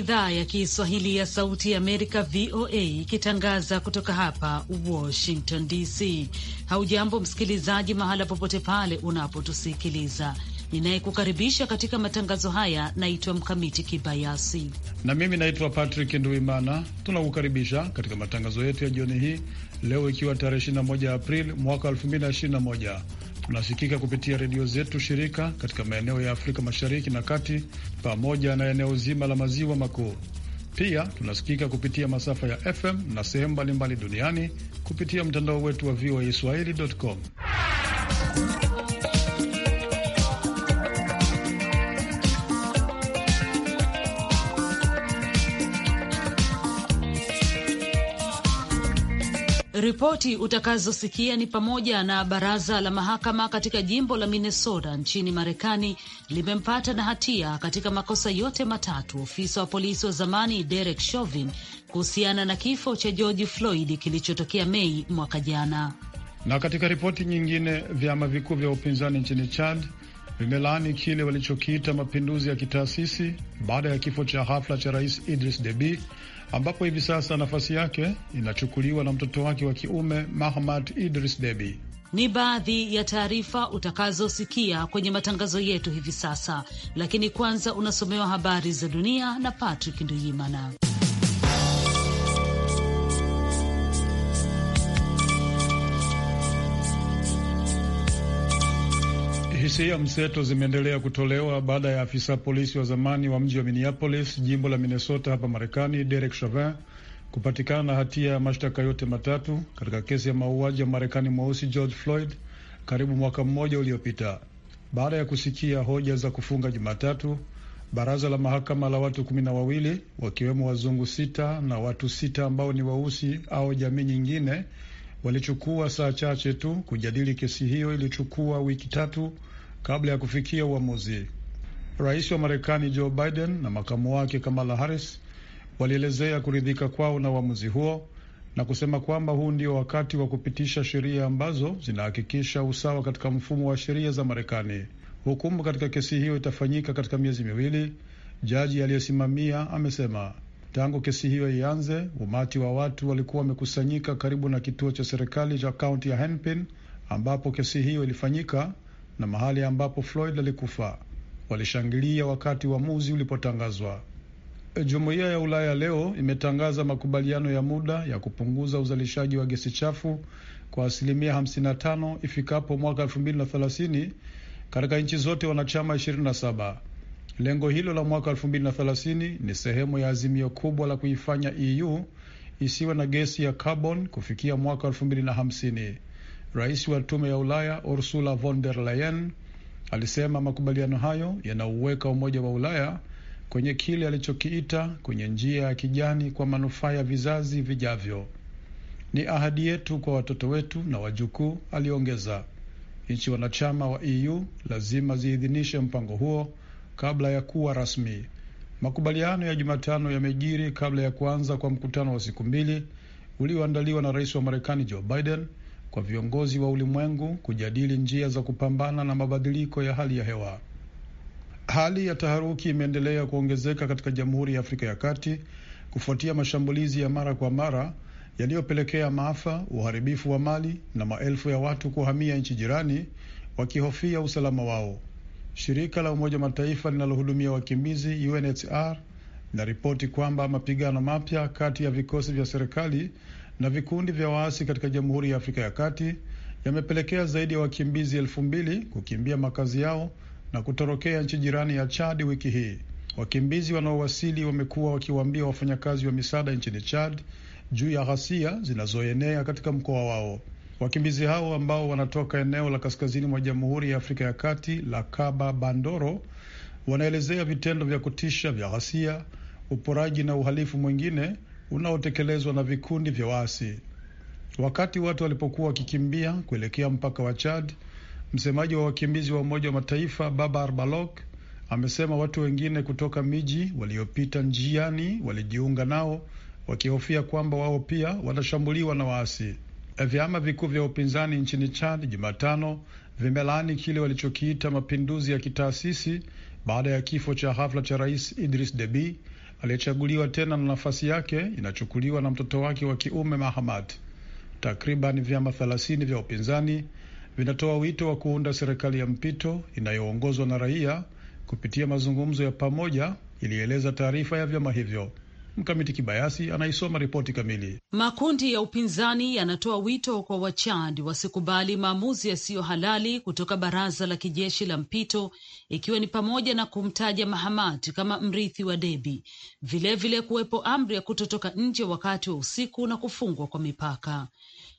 idhaa ya Kiswahili ya Sauti ya Amerika, VOA, ikitangaza kutoka hapa Washington DC. Haujambo msikilizaji, mahala popote pale unapotusikiliza. Ninayekukaribisha katika matangazo haya naitwa Mkamiti Kibayasi na mimi naitwa Patrick Nduimana. Tunakukaribisha katika matangazo yetu ya jioni hii leo, ikiwa tarehe 21 Aprili mwaka 2021 Tunasikika kupitia redio zetu shirika katika maeneo ya Afrika Mashariki na Kati pamoja na eneo zima la maziwa makuu. Pia tunasikika kupitia masafa ya FM na sehemu mbalimbali duniani kupitia mtandao wetu wa VOA swahili.com. Ripoti utakazosikia ni pamoja na baraza la mahakama katika jimbo la Minnesota nchini Marekani limempata na hatia katika makosa yote matatu ofisa wa polisi wa zamani Derek Chauvin kuhusiana na kifo cha George Floyd kilichotokea Mei mwaka jana. Na katika ripoti nyingine, vyama vikuu vya upinzani nchini Chad vimelaani kile walichokiita mapinduzi ya kitaasisi baada ya kifo cha ghafla cha rais Idris Deby ambapo hivi sasa nafasi yake inachukuliwa na mtoto wake wa kiume mahmad Idris Deby. Ni baadhi ya taarifa utakazosikia kwenye matangazo yetu hivi sasa, lakini kwanza unasomewa habari za dunia na Patrick Nduyimana. Hisia mseto zimeendelea kutolewa baada ya afisa polisi wa zamani wa mji wa Minneapolis, jimbo la Minnesota hapa Marekani, Derek Chauvin kupatikana na hatia ya mashtaka yote matatu katika kesi ya mauaji ya Marekani mweusi George Floyd karibu mwaka mmoja uliopita. Baada ya kusikia hoja za kufunga Jumatatu, baraza la mahakama la watu kumi na wawili wakiwemo wazungu sita na watu sita ambao ni weusi au jamii nyingine walichukua saa chache tu kujadili kesi hiyo ilichukua wiki tatu kabla ya kufikia uamuzi. Rais wa Marekani Joe Biden na makamu wake Kamala Harris walielezea kuridhika kwao na uamuzi huo na kusema kwamba huu ndio wakati wa kupitisha sheria ambazo zinahakikisha usawa katika mfumo wa sheria za Marekani. Hukumu katika kesi hiyo itafanyika katika miezi miwili, jaji aliyesimamia amesema. Tangu kesi hiyo ianze, umati wa watu walikuwa wamekusanyika karibu na kituo cha serikali cha kaunti ya Hennepin ambapo kesi hiyo ilifanyika na mahali ambapo Floyd alikufa. Walishangilia wakati uamuzi ulipotangazwa. Jumuiya ya Ulaya leo imetangaza makubaliano ya muda ya kupunguza uzalishaji wa gesi chafu kwa asilimia 55 ifikapo mwaka 2030 katika nchi zote wanachama 27. Lengo hilo la mwaka 2030 ni sehemu ya azimio kubwa la kuifanya EU isiwe na gesi ya carbon kufikia mwaka 2050. Rais wa tume ya Ulaya Ursula von der Leyen alisema makubaliano hayo yanauweka Umoja wa Ulaya kwenye kile alichokiita kwenye njia ya kijani kwa manufaa ya vizazi vijavyo. Ni ahadi yetu kwa watoto wetu na wajukuu, aliongeza. Nchi wanachama wa EU lazima ziidhinishe mpango huo kabla ya kuwa rasmi. Makubaliano ya Jumatano yamejiri kabla ya kuanza kwa mkutano wa siku mbili ulioandaliwa na rais wa Marekani Joe Biden kwa viongozi wa ulimwengu kujadili njia za kupambana na mabadiliko ya hali ya hewa. Hali ya taharuki imeendelea kuongezeka katika Jamhuri ya Afrika ya Kati kufuatia mashambulizi ya mara kwa mara yaliyopelekea maafa, uharibifu wa mali na maelfu ya watu kuhamia nchi jirani wakihofia usalama wao. Shirika la Umoja Mataifa linalohudumia wakimbizi UNHCR linaripoti kwamba mapigano mapya kati ya vikosi vya serikali na vikundi vya waasi katika Jamhuri ya Afrika ya Kati yamepelekea zaidi ya wakimbizi elfu mbili kukimbia makazi yao na kutorokea nchi jirani ya Chad wiki hii. Wakimbizi wanaowasili wamekuwa wakiwaambia wafanyakazi wa misaada nchini Chad juu ya ghasia zinazoenea katika mkoa wao. Wakimbizi hao ambao wanatoka eneo la kaskazini mwa Jamhuri ya Afrika ya Kati la Kaba Bandoro wanaelezea vitendo vya kutisha vya ghasia, uporaji na uhalifu mwingine unaotekelezwa na vikundi vya waasi. Wakati watu walipokuwa wakikimbia kuelekea mpaka wa Chad, msemaji wa wakimbizi wa Umoja wa Mataifa Babar Balok amesema watu wengine kutoka miji waliopita njiani walijiunga nao wakihofia kwamba wao pia watashambuliwa na waasi. Vyama vikuu vya upinzani nchini Chad Jumatano vimelaani kile walichokiita mapinduzi ya kitaasisi baada ya kifo cha hafla cha Rais Idris Deby aliyechaguliwa tena na nafasi yake inachukuliwa na mtoto wake wa kiume Mahamad. Takriban vyama thelathini vya upinzani vinatoa wito wa kuunda serikali ya mpito inayoongozwa na raia kupitia mazungumzo ya pamoja, ilieleza taarifa ya vyama hivyo. Mkamiti Kibayasi anaisoma ripoti kamili. Makundi ya upinzani yanatoa wito kwa Wachad wasikubali maamuzi yasiyo halali kutoka baraza la kijeshi la mpito, ikiwa ni pamoja na kumtaja Mahamat kama mrithi wa Debi, vilevile kuwepo amri ya kutotoka nje wakati wa usiku na kufungwa kwa mipaka.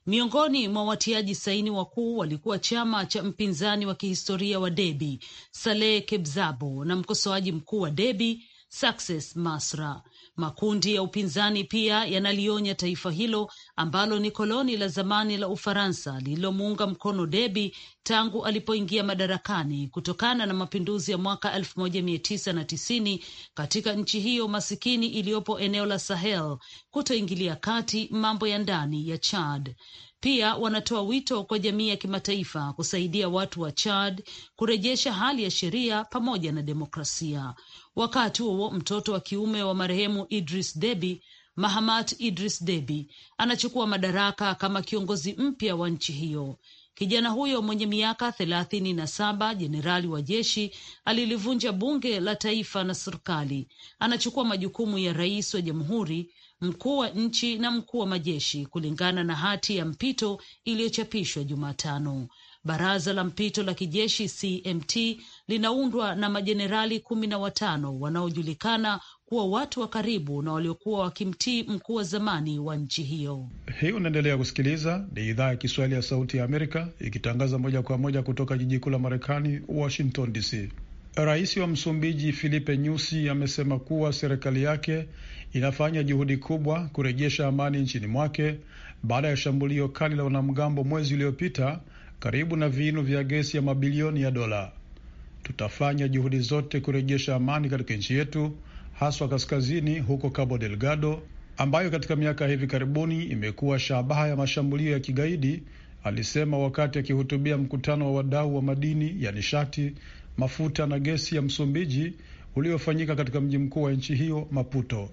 Miongoni mwa watiaji saini wakuu walikuwa chama cha mpinzani wa kihistoria wa Debi Saleh Kebzabo na mkosoaji mkuu wa Debi Success Masra. Makundi ya upinzani pia yanalionya taifa hilo ambalo ni koloni la zamani la Ufaransa lililomuunga mkono Debi tangu alipoingia madarakani kutokana na mapinduzi ya mwaka 1990 katika nchi hiyo masikini iliyopo eneo la Sahel kutoingilia kati mambo ya ndani ya Chad. Pia wanatoa wito kwa jamii ya kimataifa kusaidia watu wa Chad kurejesha hali ya sheria pamoja na demokrasia. Wakati huo mtoto wa kiume wa marehemu Idris Deby Mahamat Idris Deby anachukua madaraka kama kiongozi mpya wa nchi hiyo. Kijana huyo mwenye miaka thelathini na saba, jenerali wa jeshi, alilivunja bunge la taifa na serikali. Anachukua majukumu ya rais wa jamhuri mkuu wa nchi na mkuu wa majeshi, kulingana na hati ya mpito iliyochapishwa Jumatano. Baraza la mpito la kijeshi CMT linaundwa na majenerali kumi na watano wanaojulikana kuwa watu wa karibu na waliokuwa wakimtii mkuu wa zamani wa nchi hiyo. Hii unaendelea kusikiliza, ni idhaa ya Kiswahili ya Sauti ya Amerika ikitangaza moja kwa moja kutoka jiji kuu la Marekani, Washington DC. Rais wa Msumbiji Filipe Nyusi amesema kuwa serikali yake inafanya juhudi kubwa kurejesha amani nchini mwake baada ya shambulio kali la wanamgambo mwezi uliopita karibu na vinu vya gesi ya mabilioni ya dola. Tutafanya juhudi zote kurejesha amani katika nchi yetu, haswa kaskazini huko Cabo Delgado, ambayo katika miaka hivi karibuni imekuwa shabaha ya mashambulio ya kigaidi, alisema wakati akihutubia mkutano wa wadau wa madini ya nishati, mafuta na gesi ya Msumbiji uliofanyika katika mji mkuu wa nchi hiyo Maputo.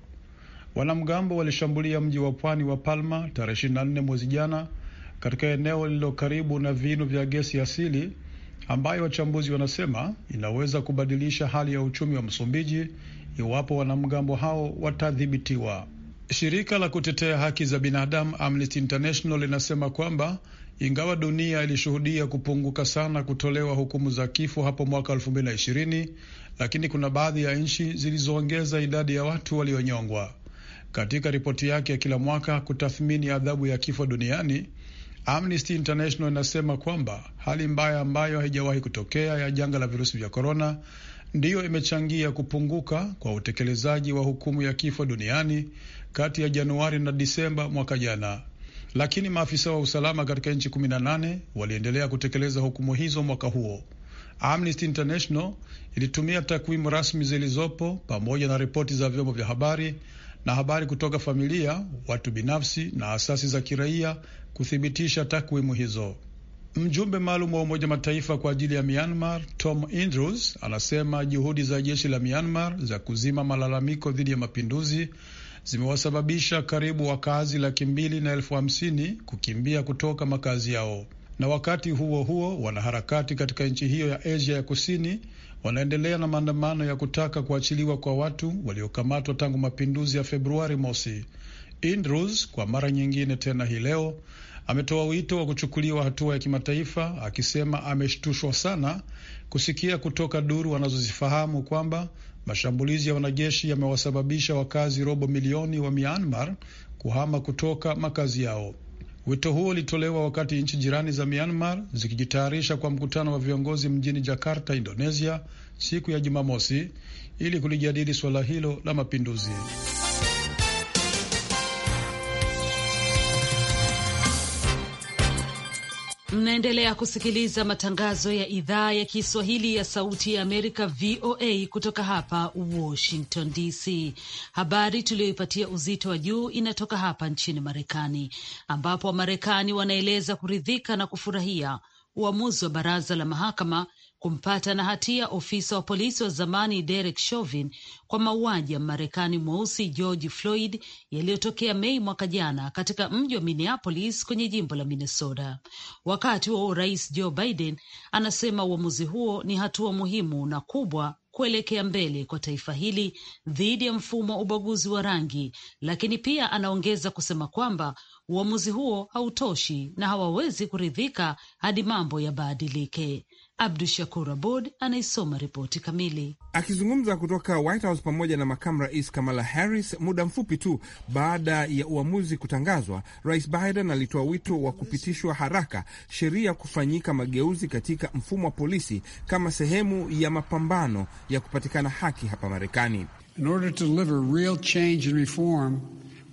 Wanamgambo walishambulia mji wa pwani wa Palma tarehe 24 mwezi jana katika eneo lililo karibu na vinu vya gesi asili ambayo wachambuzi wanasema inaweza kubadilisha hali ya uchumi wa Msumbiji iwapo wanamgambo hao watadhibitiwa. Shirika la kutetea haki za binadamu Amnesty International linasema kwamba ingawa dunia ilishuhudia kupunguka sana kutolewa hukumu za kifo hapo mwaka 2020 lakini kuna baadhi ya nchi zilizoongeza idadi ya watu walionyongwa katika ripoti yake ya kila mwaka kutathmini adhabu ya kifo duniani. Amnesty International inasema kwamba hali mbaya ambayo haijawahi kutokea ya janga la virusi vya korona ndiyo imechangia kupunguka kwa utekelezaji wa hukumu ya kifo duniani kati ya Januari na Disemba mwaka jana, lakini maafisa wa usalama katika nchi 18 waliendelea kutekeleza hukumu hizo mwaka huo. Amnesty International ilitumia takwimu rasmi zilizopo pamoja na ripoti za vyombo vya habari na habari kutoka familia, watu binafsi na asasi za kiraia kuthibitisha takwimu hizo. Mjumbe maalum wa Umoja Mataifa kwa ajili ya Myanmar Tom Andrews anasema juhudi za jeshi la Myanmar za kuzima malalamiko dhidi ya mapinduzi zimewasababisha karibu wakazi laki mbili na elfu hamsini kukimbia kutoka makazi yao, na wakati huo huo wanaharakati katika nchi hiyo ya Asia ya kusini wanaendelea na maandamano ya kutaka kuachiliwa kwa watu waliokamatwa tangu mapinduzi ya Februari mosi. Indrus kwa mara nyingine tena hii leo ametoa wito wa kuchukuliwa hatua ya kimataifa, akisema ameshtushwa sana kusikia kutoka duru wanazozifahamu kwamba mashambulizi ya wanajeshi yamewasababisha wakazi robo milioni wa Myanmar kuhama kutoka makazi yao. Wito huo ulitolewa wakati nchi jirani za Myanmar zikijitayarisha kwa mkutano wa viongozi mjini Jakarta, Indonesia, siku ya Jumamosi ili kulijadili suala hilo la mapinduzi. Mnaendelea kusikiliza matangazo ya idhaa ya Kiswahili ya Sauti ya Amerika, VOA, kutoka hapa Washington DC. Habari tuliyoipatia uzito wa juu inatoka hapa nchini Marekani, ambapo Wamarekani wanaeleza kuridhika na kufurahia uamuzi wa baraza la mahakama kumpata na hatia ofisa wa polisi wa zamani Derek Chauvin kwa mauaji ya Marekani mweusi George Floyd yaliyotokea Mei mwaka jana katika mji wa Minneapolis kwenye jimbo la Minnesota. Wakati wa Rais Joe Biden anasema uamuzi huo ni hatua muhimu na kubwa kuelekea mbele kwa taifa hili dhidi ya mfumo wa ubaguzi wa rangi, lakini pia anaongeza kusema kwamba uamuzi huo hautoshi na hawawezi kuridhika hadi mambo yabadilike. Abdu Shakur abod anaisoma ripoti kamili. Akizungumza kutoka White House pamoja na makamu rais Kamala Harris muda mfupi tu baada ya uamuzi kutangazwa, Rais Biden alitoa wito wa kupitishwa haraka sheria kufanyika mageuzi katika mfumo wa polisi kama sehemu ya mapambano ya kupatikana haki hapa Marekani. In order to deliver real change and reform,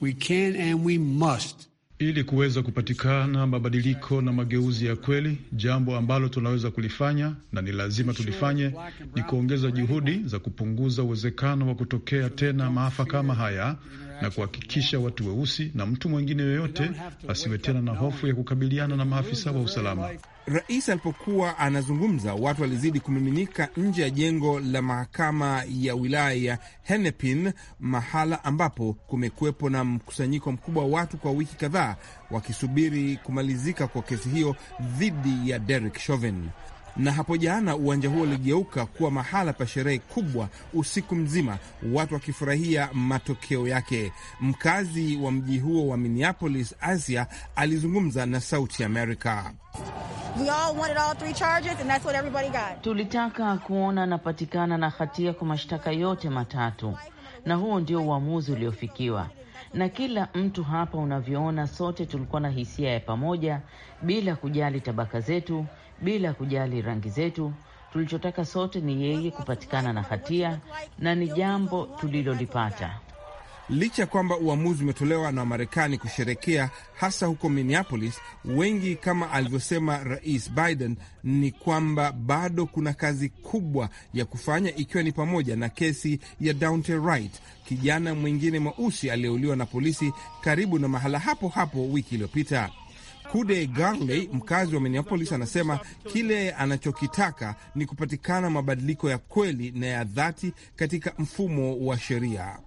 we can and we must ili kuweza kupatikana mabadiliko na mageuzi ya kweli. Jambo ambalo tunaweza kulifanya na ni lazima tulifanye ni kuongeza juhudi za kupunguza uwezekano wa kutokea tena maafa kama haya na kuhakikisha watu weusi na mtu mwingine yoyote asiwe tena na hofu ya kukabiliana na maafisa wa usalama. Rais alipokuwa anazungumza, watu walizidi kumiminika nje ya jengo la mahakama ya wilaya ya Hennepin, mahala ambapo kumekuwepo na mkusanyiko mkubwa wa watu kwa wiki kadhaa wakisubiri kumalizika kwa kesi hiyo dhidi ya Derek Chauvin na hapo jana uwanja huo uligeuka kuwa mahala pa sherehe kubwa, usiku mzima watu wakifurahia matokeo yake. Mkazi wa mji huo wa Minneapolis, Asia, alizungumza na Sauti Amerika. Tulitaka kuona anapatikana na hatia kwa mashtaka yote matatu, na huo ndio uamuzi uliofikiwa na kila mtu hapa. Unavyoona, sote tulikuwa na hisia ya pamoja, bila kujali tabaka zetu, bila kujali rangi zetu. Tulichotaka sote ni yeye kupatikana na hatia na ni jambo tulilolipata. Licha ya kwamba uamuzi umetolewa na wamarekani kusherekea hasa huko Minneapolis, wengi kama alivyosema Rais Biden ni kwamba bado kuna kazi kubwa ya kufanya, ikiwa ni pamoja na kesi ya Daunte Wright, kijana mwingine mweusi aliyeuliwa na polisi karibu na mahala hapo hapo wiki iliyopita. Kude Garley, mkazi wa Minneapolis, anasema kile anachokitaka ni kupatikana mabadiliko ya kweli na ya dhati katika mfumo wa sheria.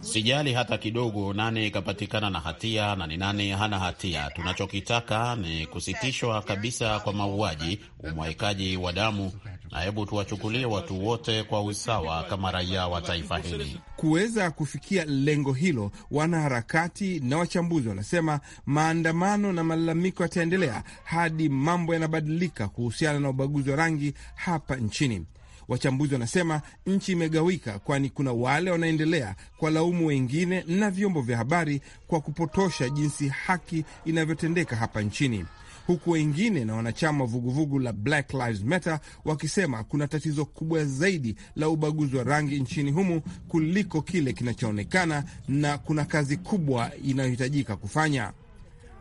Sijali hata kidogo nani ikapatikana na hatia na ni nani hana hatia. Tunachokitaka ni kusitishwa kabisa kwa mauaji, umwaikaji wa damu, na hebu tuwachukulie watu wote kwa usawa kama raia wa taifa hili. Kuweza kufikia lengo hilo, wanaharakati na wachambuzi wanasema maandamano na malalamiko yataendelea hadi mambo yanabadilika kuhusiana na ubaguzi wa rangi hapa nchini. Wachambuzi wanasema nchi imegawika, kwani kuna wale wanaendelea kwa laumu wengine na vyombo vya habari kwa kupotosha jinsi haki inavyotendeka hapa nchini huku wengine na wanachama wa vuguvugu la Black Lives Matter wakisema kuna tatizo kubwa zaidi la ubaguzi wa rangi nchini humu kuliko kile kinachoonekana na kuna kazi kubwa inayohitajika kufanya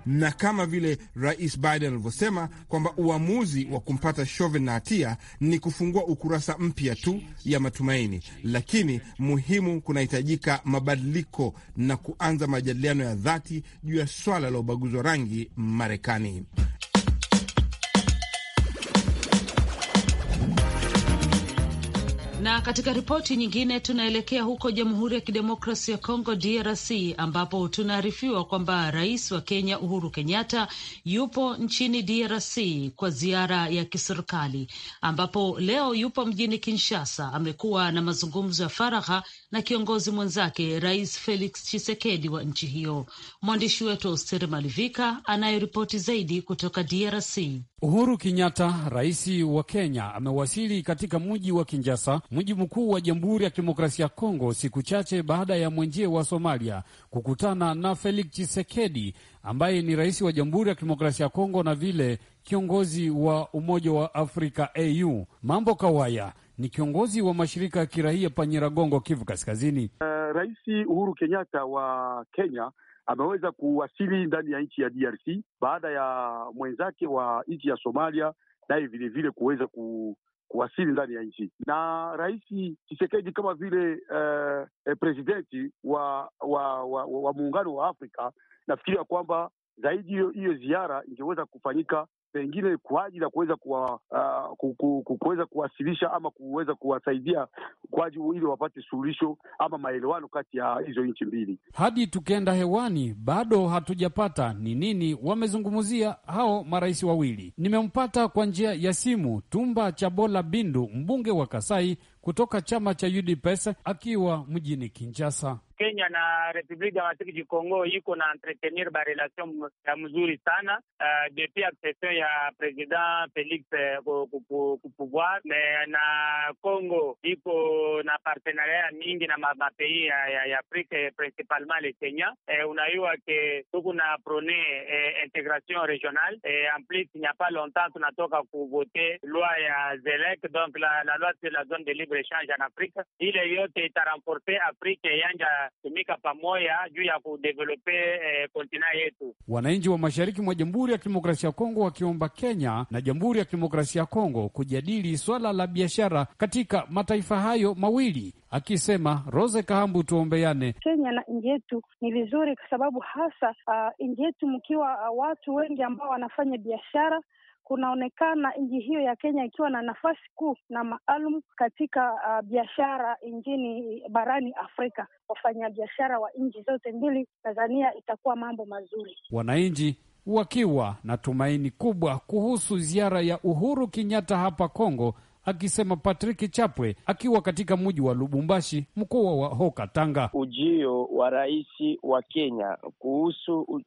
na kama vile Rais Biden alivyosema kwamba uamuzi wa kumpata Chauvin na hatia ni kufungua ukurasa mpya tu ya matumaini, lakini muhimu, kunahitajika mabadiliko na kuanza majadiliano ya dhati juu ya swala la ubaguzi wa rangi Marekani. Na katika ripoti nyingine, tunaelekea huko Jamhuri ya Kidemokrasi ya congo DRC, ambapo tunaarifiwa kwamba rais wa Kenya Uhuru Kenyatta yupo nchini DRC kwa ziara ya kiserikali, ambapo leo yupo mjini Kinshasa. Amekuwa na mazungumzo ya faragha na kiongozi mwenzake Rais Felix chisekedi wa nchi hiyo. Mwandishi wetu Osteri Malivika anayeripoti zaidi kutoka DRC. Uhuru Kenyatta, rais wa Kenya, amewasili katika mji wa Kinshasa mji mkuu wa Jamhuri ya Kidemokrasia ya Kongo, siku chache baada ya mwenjie wa Somalia kukutana na Felix Tshisekedi ambaye ni rais wa Jamhuri ya Kidemokrasia ya Kongo na vile kiongozi wa Umoja wa Afrika au Mambo Kawaya ni kiongozi wa mashirika ya kiraia panyiragongo Kivu Kaskazini. Uh, Rais Uhuru Kenyatta wa Kenya ameweza kuwasili ndani ya nchi ya DRC baada ya mwenzake wa nchi ya Somalia naye vilevile kuweza ku kuwasili ndani ya nchi, na Rais chisekedi kama vile uh, eh, presidenti wa wa, wa, wa muungano wa Afrika, nafikiria kwamba zaidi hiyo ziara ingeweza kufanyika pengine kwa ajili ya kuweza kuwa, uh, kuweza kuwasilisha ama kuweza kuwasaidia kwa ajili ili wapate suluhisho ama maelewano kati ya hizo nchi mbili. Hadi tukienda hewani bado hatujapata ni nini wamezungumzia hao marais wawili. Nimempata kwa njia ya simu Tumba Chabola Bindu, mbunge wa Kasai kutoka chama cha UDPS akiwa mjini Kinshasa. Kenya na Republique Democratique du Congo iko na entretenir ba relation ya mzuri sana uh, depuis accession ya president Felix uh, kupouvoir na Congo iko na partenariat mingi na mapei ya, ya, ya Afrique principalement le Kenya Eh, unaiwa ke tuku na prone eh, integration regionale uh, en plus il n'y a pas longtemps tunatoka kuvote loi ya ZELEC donc la, la loi sur la zone de libre kueshange na Afrika. Ile yote itaramporte Afrika yanja tumika pamoja juu ya kudevelope eh, kontina yetu. Wananchi wa mashariki mwa Jamhuri ya Kidemokrasia ya Kongo wakiomba Kenya na Jamhuri ya Kidemokrasia ya Kongo kujadili swala la biashara katika mataifa hayo mawili. Akisema Rose Kahambu, tuombeane Kenya na nji yetu ni vizuri, kwa sababu hasa uh, nchi yetu mkiwa uh, watu wengi ambao wanafanya biashara kunaonekana nchi hiyo ya Kenya ikiwa na nafasi kuu na maalum katika uh, biashara nchini barani Afrika. Wafanyabiashara wa nchi zote mbili, Tanzania itakuwa mambo mazuri. Wananchi wakiwa na tumaini kubwa kuhusu ziara ya Uhuru Kenyatta hapa Kongo akisema Patrick Chapwe akiwa katika mji wa Lubumbashi, mkoa wa Hoka Tanga. Ujio wa rais wa Kenya kuhusu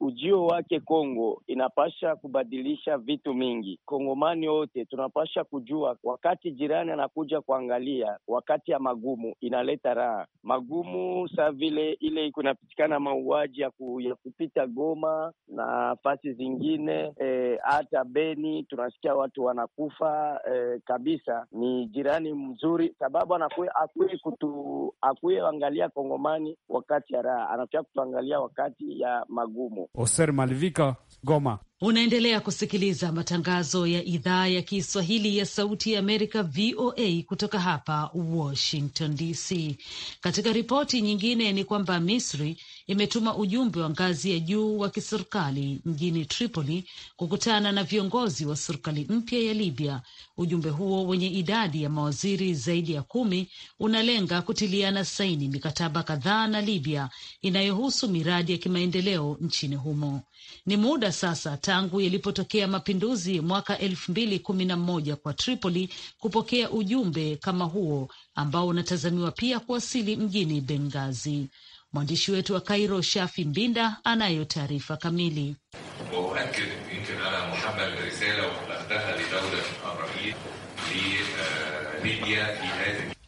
ujio wake Kongo inapasha kubadilisha vitu mingi. Kongomani wote tunapasha kujua, wakati jirani anakuja kuangalia, wakati ya magumu inaleta raha. Magumu saa vile ile iko inapitikana mauaji ya, ku, ya kupita Goma na nafasi zingine, eh, hata e, Beni tunasikia watu wanakufa e, kabisa, ni jirani mzuri, sababu akui kutu akui angalia kongomani wakati ya raha, anafia kutuangalia wakati ya magumu. Oser Malivika, Goma. Unaendelea kusikiliza matangazo ya idhaa ya Kiswahili ya Sauti ya Amerika, VOA, kutoka hapa Washington DC. Katika ripoti nyingine ni kwamba Misri imetuma ujumbe wa ngazi ya juu wa kiserikali mjini Tripoli kukutana na viongozi wa serikali mpya ya Libya. Ujumbe huo wenye idadi ya mawaziri zaidi ya kumi unalenga kutiliana saini mikataba kadhaa na Libya inayohusu miradi ya kimaendeleo nchini humo. Ni muda sasa tangu yalipotokea mapinduzi mwaka elfu mbili kumi na kwa Tripoli kupokea ujumbe kama huo ambao unatazamiwa pia kuwasili mjini bengazi Mwandishi wetu wa Kairo, Shafi Mbinda, anayo taarifa kamili.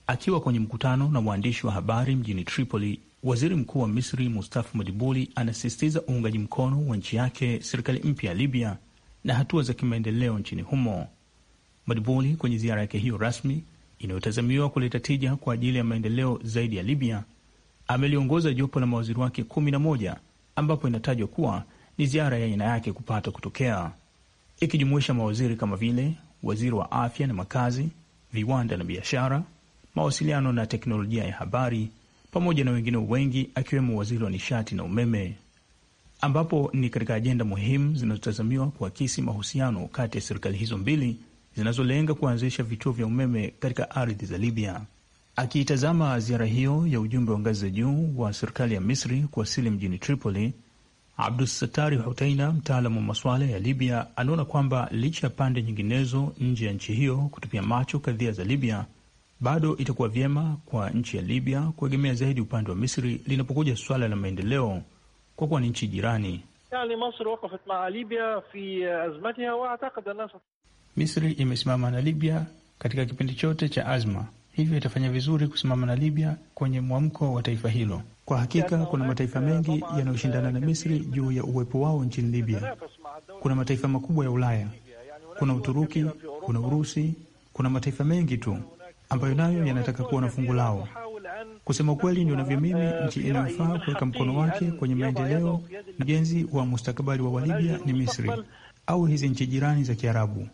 Akiwa kwenye mkutano na waandishi wa habari mjini Tripoli, waziri mkuu wa Misri Mustafa Madibuli anasisitiza uungaji mkono wa nchi yake serikali mpya ya Libya na hatua za kimaendeleo nchini humo. Madibuli kwenye ziara yake hiyo rasmi inayotazamiwa kuleta tija kwa ajili ya maendeleo zaidi ya Libya ameliongoza jopo la mawaziri wake kumi na moja ambapo inatajwa kuwa ni ziara ya aina yake kupata kutokea, ikijumuisha mawaziri kama vile waziri wa afya na makazi, viwanda na biashara mawasiliano na teknolojia ya habari, pamoja na wengine wengi akiwemo waziri wa nishati na umeme, ambapo ni katika ajenda muhimu zinazotazamiwa kuakisi mahusiano kati ya serikali hizo mbili zinazolenga kuanzisha vituo vya umeme katika ardhi za Libya. Akiitazama ziara hiyo ya ujumbe wa ngazi za juu wa serikali ya Misri kuwasili mjini Tripoli, Abdusatari Hutaina, mtaalamu wa masuala ya Libya, anaona kwamba licha ya pande nyinginezo nje ya nchi hiyo kutupia macho kadhia za Libya, bado itakuwa vyema kwa nchi ya Libya kuegemea zaidi upande wa Misri linapokuja suala la maendeleo, kwa kuwa ni nchi jirani. Eh, Misri imesimama na Libya katika kipindi chote cha azma, hivyo itafanya vizuri kusimama na Libya kwenye mwamko wa taifa hilo. Kwa hakika kuna mataifa eh, mengi yanayoshindana na eh, Misri juu ya uwepo wao nchini Libya. Kuna mataifa makubwa ya Ulaya, kuna Uturuki, kuna Urusi, kuna mataifa mengi tu ambayo nayo yanataka kuwa na fungu lao. Kusema kweli, ndivyo mimi, nchi inayofaa kuweka mkono wake kwenye maendeleo na ujenzi wa mustakabali wa Walibya ni Misri au hizi nchi jirani za Kiarabu.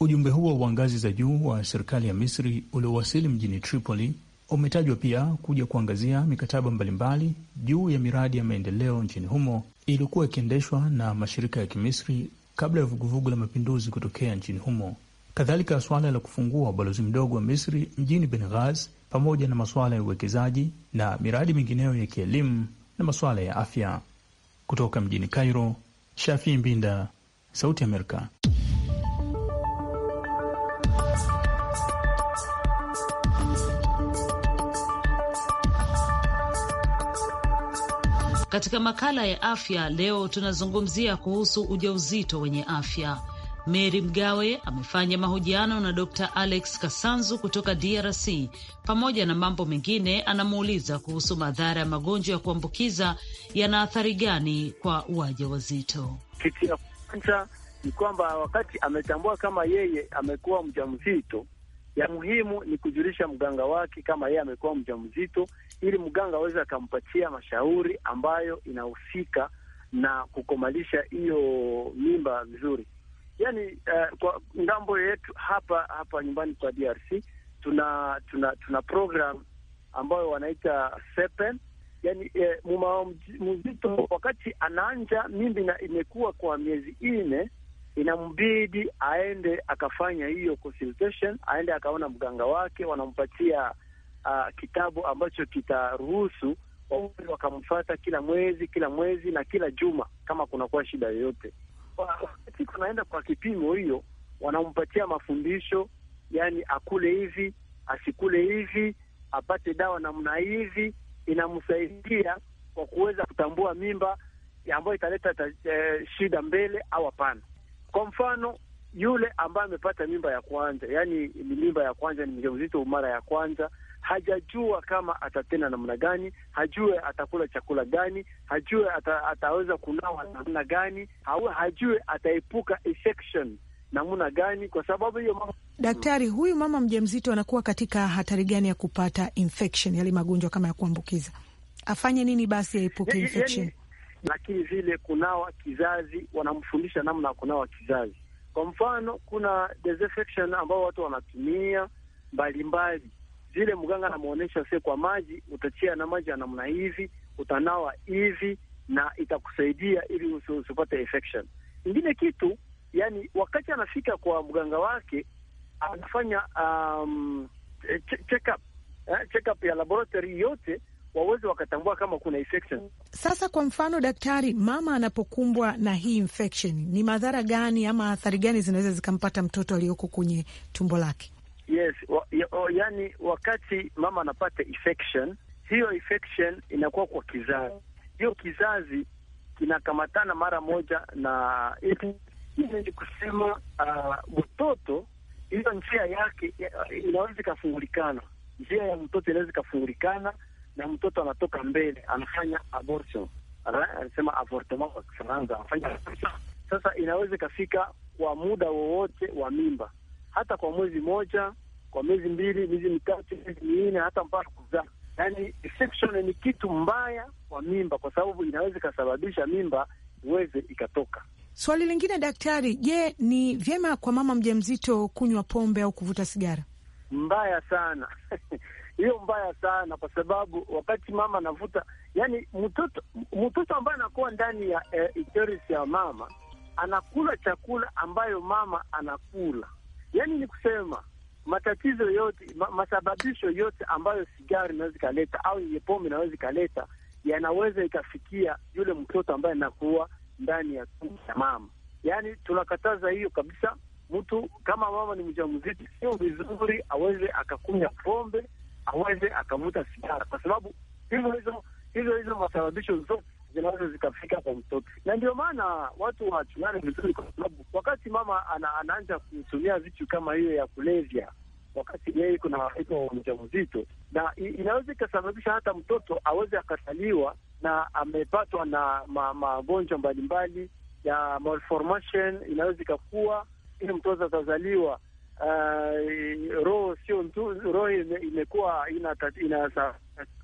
Ujumbe huo wa ngazi za juu wa serikali ya Misri uliowasili mjini Tripoli umetajwa pia kuja kuangazia mikataba mbalimbali juu ya miradi ya maendeleo nchini humo iliyokuwa ikiendeshwa na mashirika ya Kimisri kabla ya vuguvugu la mapinduzi kutokea nchini humo kadhalika suala la kufungua ubalozi mdogo wa Misri mjini Benghazi, pamoja na masuala ya uwekezaji na miradi mingineyo ya kielimu na masuala ya afya. Kutoka mjini Cairo, Shafii Mbinda, Sauti ya Amerika. Katika makala ya afya leo tunazungumzia kuhusu ujauzito wenye afya. Mary Mgawe amefanya mahojiano na Dr. Alex Kasanzu kutoka DRC. Pamoja na mambo mengine, anamuuliza kuhusu madhara ya magonjwa ya kuambukiza yana athari gani kwa wazito Kitu ya kwanza ni kwamba wakati ametambua kama yeye amekuwa mjamzito, ya muhimu ni kujulisha mganga wake kama yeye amekuwa mjamzito, ili mganga aweze akampatia mashauri ambayo inahusika na kukomalisha hiyo mimba vizuri yani, uh, kwa ngambo yetu hapa hapa nyumbani kwa DRC tuna tuna tuna program ambayo wanaita sepen yani, eh, mzito wakati anaanja mimbi na imekuwa kwa miezi nne, inambidi aende akafanya hiyo consultation, aende akaona mganga wake, wanampatia uh, kitabu ambacho kitaruhusu waweze wakamfata kila mwezi kila mwezi na kila juma, kama kunakuwa shida yoyote siku anaenda kwa kipimo, hiyo wanampatia mafundisho, yani akule hivi, asikule hivi, apate dawa namna hivi, inamsaidia kwa kuweza kutambua mimba ambayo italeta e, shida mbele au hapana. Kwa mfano yule ambaye amepata mimba ya kwanza, yani mimba ya kwanza ni mjamzito mara ya kwanza hajajua kama atatenda namna gani, hajue atakula chakula gani, hajue ata, ataweza kunawa namna gani, hajue ataepuka infection namna gani. Kwa sababu hiyo mama... Daktari, huyu mama mjamzito anakuwa katika hatari gani ya kupata infection, yale magonjwa kama ya kuambukiza? Afanye nini basi aepuke infection? Lakini vile kunawa kizazi, wanamfundisha namna ya kunawa kizazi. Kwa mfano, kuna ambao watu wanatumia mbalimbali mbali zile mganga anamuonesha sie kwa maji utachia na maji ya namna hivi, utanawa hivi, na itakusaidia ili usipate infection. Ingine kitu yani, wakati anafika kwa mganga wake anafanya um, check up eh, check up ya laboratory yote waweze wakatambua kama kuna infection. Sasa kwa mfano, daktari, mama anapokumbwa na hii infection, ni madhara gani ama athari gani zinaweza zikampata mtoto aliyoko kwenye tumbo lake? Yes, wa, ya, o, yani wakati mama anapata infection, hiyo infection inakuwa kwa kizazi. Hiyo kizazi kinakamatana mara moja na ni kusema mtoto uh, hiyo njia yake inaweza ikafungulikana, njia ya mtoto inaweza ikafungulikana na mtoto anatoka mbele, anafanya abortion, anasema avortement kwa Kifaransa, anafanya sasa. Inaweza ikafika kwa muda wowote wa mimba hata kwa mwezi moja, kwa miezi mbili, miezi mitatu, miezi minne, hata mpaka kuzaa. Yani section ni kitu mbaya kwa mimba, kwa sababu inaweza ikasababisha mimba iweze ikatoka. Swali lingine daktari, je, ni vyema kwa mama mjamzito kunywa pombe au kuvuta sigara? Mbaya sana hiyo mbaya sana kwa sababu wakati mama anavuta, yani mtoto mtoto ambaye anakuwa ndani ya eh, ya mama anakula chakula ambayo mama anakula Yani ni kusema matatizo yote ma, masababisho yote ambayo sigara inaweza ikaleta au yenye pombe inaweza ikaleta yanaweza ikafikia yule mtoto ambaye anakuwa ndani ya tumbo ya mama. Yani tunakataza hiyo kabisa. Mtu kama mama ni mjamzito, sio vizuri aweze akakunywa pombe, aweze akavuta sigara, kwa sababu hivyo hizo hizo hizo masababisho zote zinaweza zikafika kwa mtoto, na ndio maana watu wachungane vizuri, kwa sababu wakati mama ana, anaanza kutumia vitu kama hiyo ya kulevya wakati yeye kuna iko mja mzito, na inaweza ikasababisha hata mtoto aweze akataliwa na amepatwa na magonjwa ma mbalimbali ya malformation, inaweza ikakuwa ili mtoto atazaliwa uh, roho sio roho imekuwa ina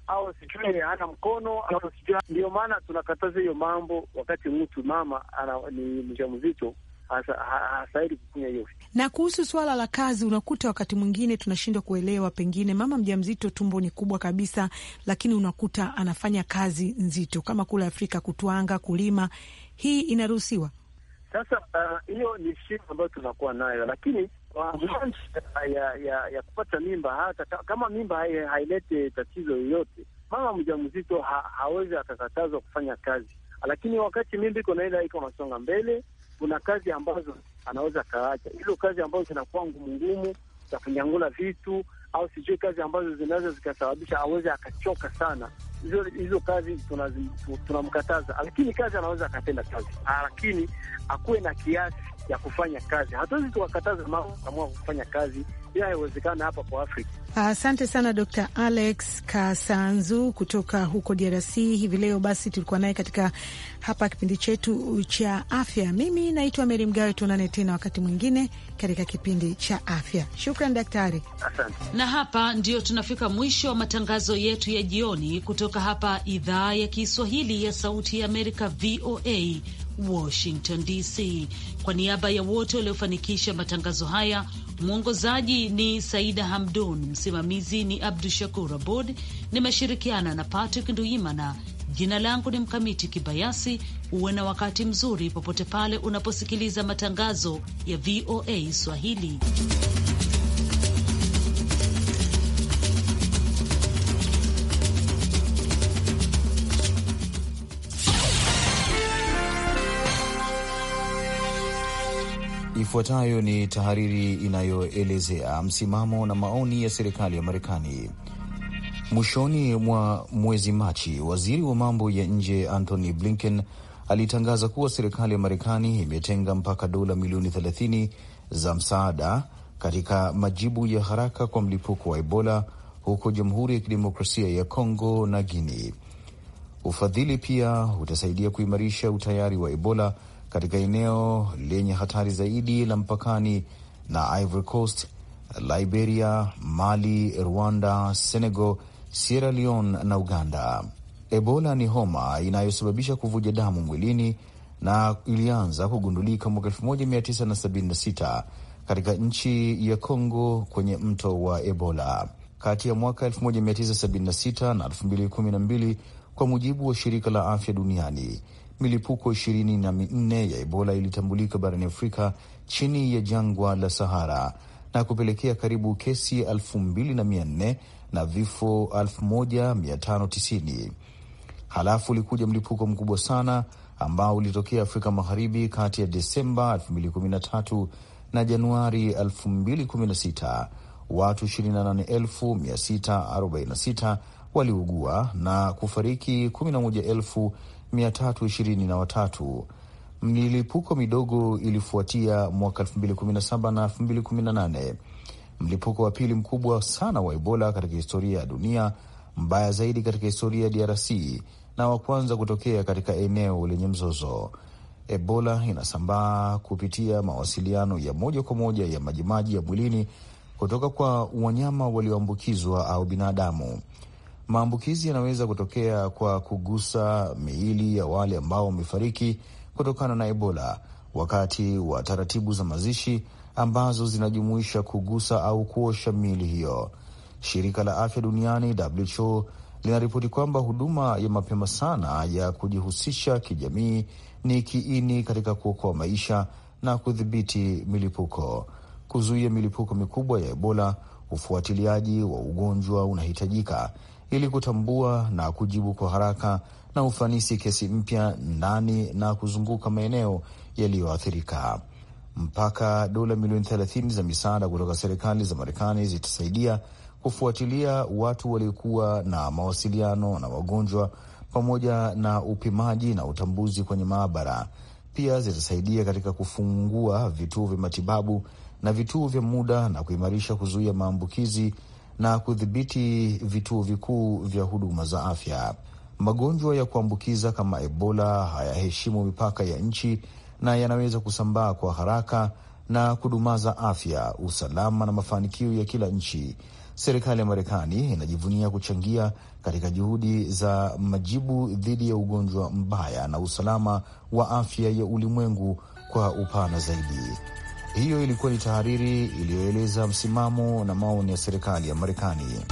au sijui hana mkono au sijui. Ndio maana tunakataza hiyo mambo. Wakati mtu mama ana, ni mjamzito hastahili kufanya hiyo. Na kuhusu swala la kazi, unakuta wakati mwingine tunashindwa kuelewa, pengine mama mjamzito tumbo ni kubwa kabisa, lakini unakuta anafanya kazi nzito kama kule Afrika, kutwanga, kulima. Hii inaruhusiwa sasa. Uh, hiyo uh, ni shida ambayo tunakuwa nayo, lakini Mhm. ya, ya ya kupata mimba, hata kama mimba hailete tatizo yoyote, mama mjamzito ha, hawezi akakatazwa kufanya kazi, lakini wakati mimba iko naenda iko masonga mbele, kuna kazi ambazo anaweza akaacha, hilo kazi ambazo zinakuwa ngumu ngumu za kunyangula vitu au sijui kazi ambazo zinaweza zikasababisha aweze akachoka sana hizo hizo kazi tunamkataza, lakini kazi anaweza akatenda kazi, ah, lakini akuwe na kiasi ya kufanya kazi. Hatuwezi tukakataza mama kamua kufanya kazi, ila haiwezekana hapa kwa Afrika. Asante sana Dr. Alex Kasanzu kutoka huko DRC hivi leo. Basi tulikuwa naye katika hapa kipindi chetu cha afya. Mimi naitwa Meri Mgawe, tuonane tena wakati mwingine katika kipindi cha afya. Shukran daktari, asante. Na hapa ndio tunafika mwisho wa matangazo yetu ya jioni kutoka kutoka hapa idhaa ya Kiswahili ya Sauti ya Amerika, VOA Washington DC. Kwa niaba ya wote waliofanikisha matangazo haya, mwongozaji ni Saida Hamdun, msimamizi ni Abdu Shakur Abud. Nimeshirikiana na Patrick Nduimana. Jina langu ni Mkamiti Kibayasi. Uwe na wakati mzuri popote pale unaposikiliza matangazo ya VOA Swahili. Ifuatayo ni tahariri inayoelezea msimamo na maoni ya serikali ya Marekani. Mwishoni mwa mwezi Machi, waziri wa mambo ya nje Antony Blinken alitangaza kuwa serikali ya Marekani imetenga mpaka dola milioni 30 za msaada katika majibu ya haraka kwa mlipuko wa Ebola huko Jamhuri ya Kidemokrasia ya Kongo na Guinea. Ufadhili pia utasaidia kuimarisha utayari wa Ebola katika eneo lenye hatari zaidi la mpakani na Ivory Coast, Liberia, Mali, Rwanda, Senegal, Sierra Leone na Uganda. Ebola ni homa inayosababisha kuvuja damu mwilini na ilianza kugundulika mwaka 1976 katika nchi ya congo kwenye mto wa Ebola. Kati ya mwaka 1976 na 2012, kwa mujibu wa shirika la afya duniani, milipuko ishirini na minne ya Ebola ilitambulika barani Afrika chini ya jangwa la Sahara na kupelekea karibu kesi elfu mbili na mia nne na vifo elfu moja mia tano tisini. Halafu ulikuja mlipuko mkubwa sana ambao ulitokea Afrika Magharibi kati ya Desemba 2013 na Januari 2016. Watu 28646 waliugua na kufariki 323. Milipuko midogo ilifuatia mwaka 2017 na 2018. Mlipuko wa pili mkubwa sana wa Ebola katika historia ya dunia, mbaya zaidi katika historia ya DRC na wa kwanza kutokea katika eneo lenye mzozo. Ebola inasambaa kupitia mawasiliano ya moja kwa moja ya majimaji ya mwilini kutoka kwa wanyama walioambukizwa au binadamu. Maambukizi yanaweza kutokea kwa kugusa miili ya wale ambao wamefariki kutokana na Ebola wakati wa taratibu za mazishi ambazo zinajumuisha kugusa au kuosha miili hiyo. Shirika la Afya Duniani WHO linaripoti kwamba huduma ya mapema sana ya kujihusisha kijamii ni kiini katika kuokoa maisha na kudhibiti milipuko. Kuzuia milipuko mikubwa ya Ebola, ufuatiliaji wa ugonjwa unahitajika ili kutambua na kujibu kwa haraka na ufanisi kesi mpya ndani na kuzunguka maeneo yaliyoathirika. Mpaka dola milioni 30 za misaada kutoka serikali za Marekani zitasaidia kufuatilia watu waliokuwa na mawasiliano na wagonjwa pamoja na upimaji na utambuzi kwenye maabara. Pia zitasaidia katika kufungua vituo vya matibabu na vituo vya muda na kuimarisha kuzuia maambukizi na kudhibiti vituo vikuu vya huduma za afya. Magonjwa ya kuambukiza kama Ebola hayaheshimu mipaka ya nchi na yanaweza kusambaa kwa haraka na kudumaza afya, usalama na mafanikio ya kila nchi. Serikali ya Marekani inajivunia kuchangia katika juhudi za majibu dhidi ya ugonjwa mbaya na usalama wa afya ya ulimwengu kwa upana zaidi. Hiyo ilikuwa ni tahariri iliyoeleza msimamo na maoni ya serikali ya Marekani.